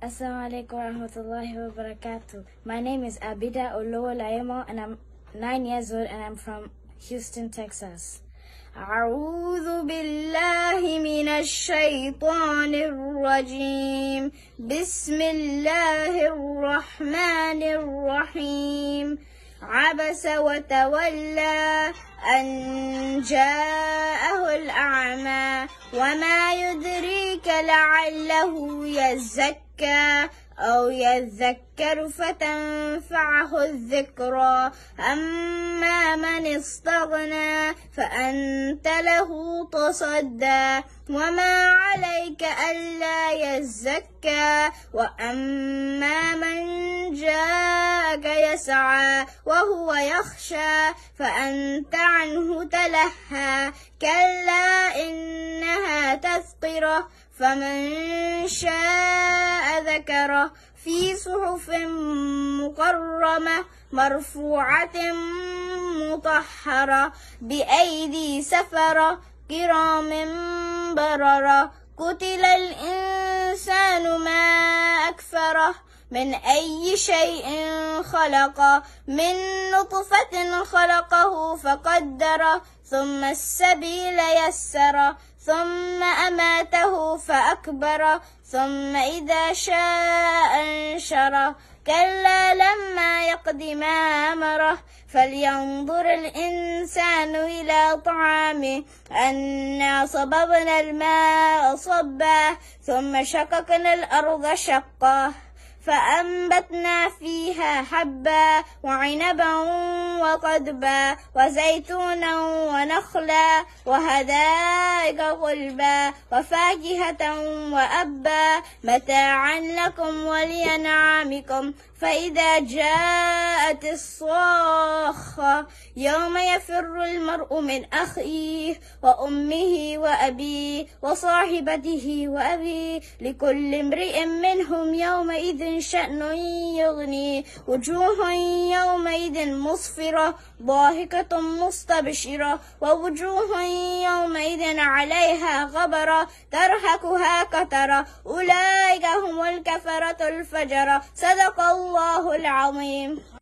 Assalamualaikum warahmatullahi wabarakatuh. My name is Abida Olowo Laemo and I'm nine years old and I'm from Houston, Texas. أعوذ بالله من الشيطان الرجيم بسم الله الرحمن الرحيم عبس وتولى أن جاء الأعمى وما يدريك لعله يزكى أو يذكر فتنفعه الذكرى أما من استغنى فأنت له تصدى وما عليك ألا يزكى وأما من يسعى وهو يخشى فأنت عنه تلهى كلا إنها تذكرة فمن شاء ذكره في صحف مكرمة مرفوعة مطهرة بأيدي سفرة كرام بررة قتل الإنسان ما أكفره من أي شيء خلق من نطفة خلقه فقدر ثم السبيل يسر ثم أماته فأكبر ثم إذا شاء أنشر كلا لما يقد ما أمره فلينظر الإنسان إلى طعامه أنا صببنا الماء صبا ثم شققنا الأرض شقا فأنبتنا فيها حبا وعنبا وقدبا وزيتونا ونخلا وهدائق غلبا وفاكهة وأبا متاعا لكم ولأنعامكم فإذا جاءت الصاخة يوم يفر المرء من أخيه وأمه وأبيه وصاحبته وأبيه لكل امرئ منهم يومئذ شأن يغني وجوه يومئذ مصفرة ضاحكة مستبشرة ووجوه يومئذ عليها غبرة ترهقها كترة أولئك هم الكفرة الفجرة صدق الله العظيم